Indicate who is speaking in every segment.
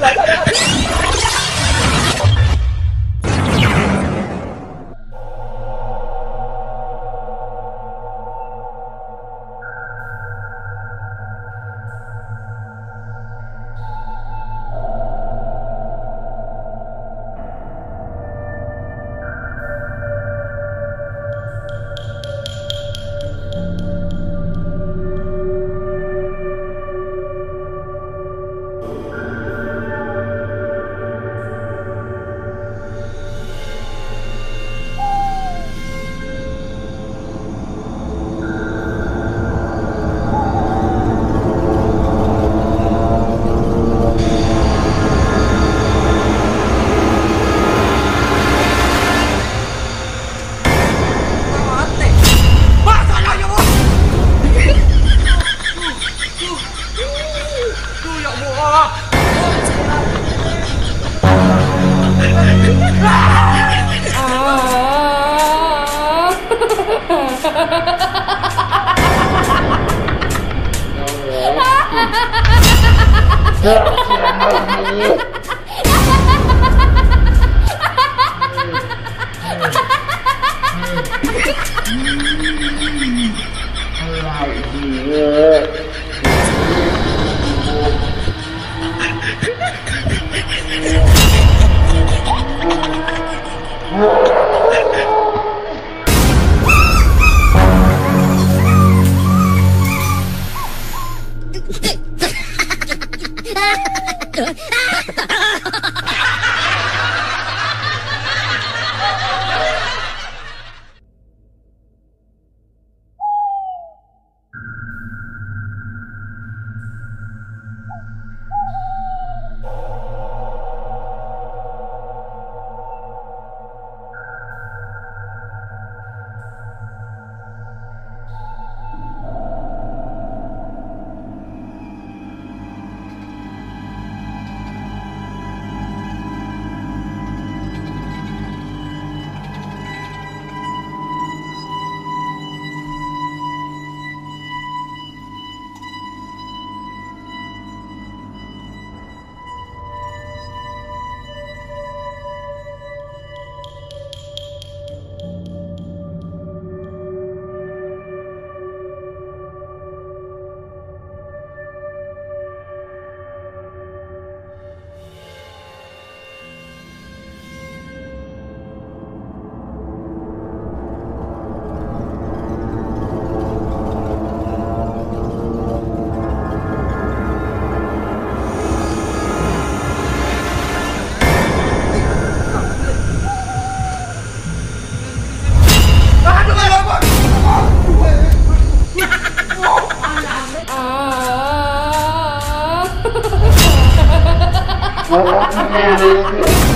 Speaker 1: là ta đã Ha ah. ya Yeah. Dạ.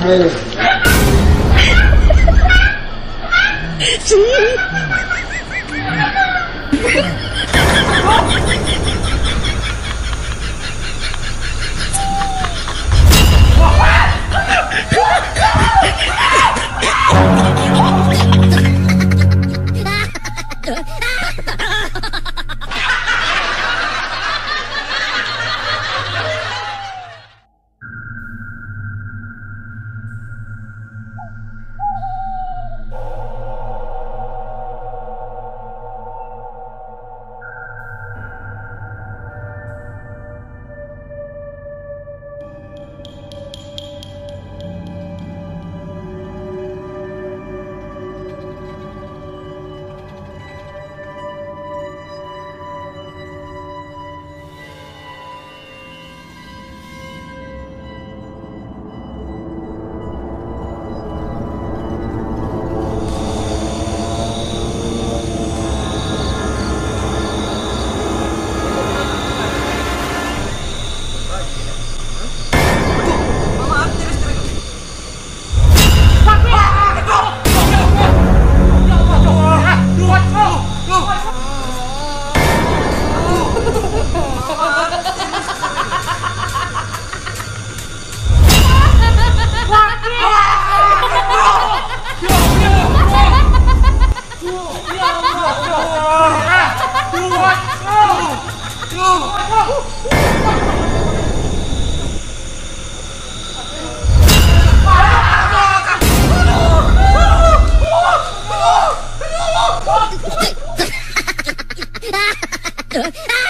Speaker 1: Sim. ah!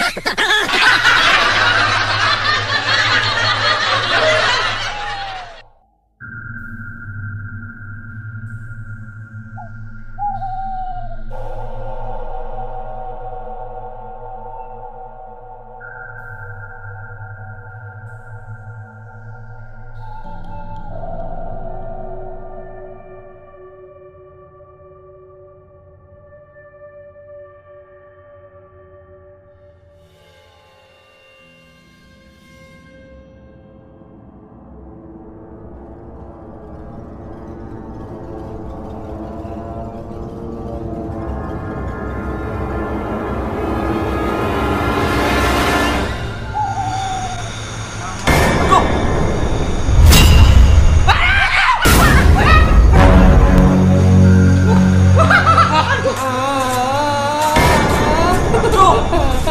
Speaker 1: こ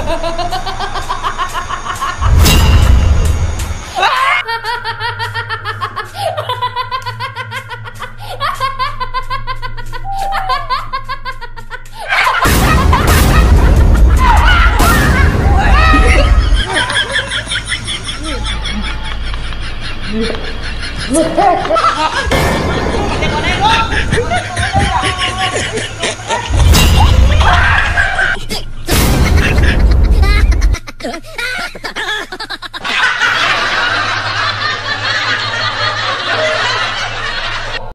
Speaker 1: れこれ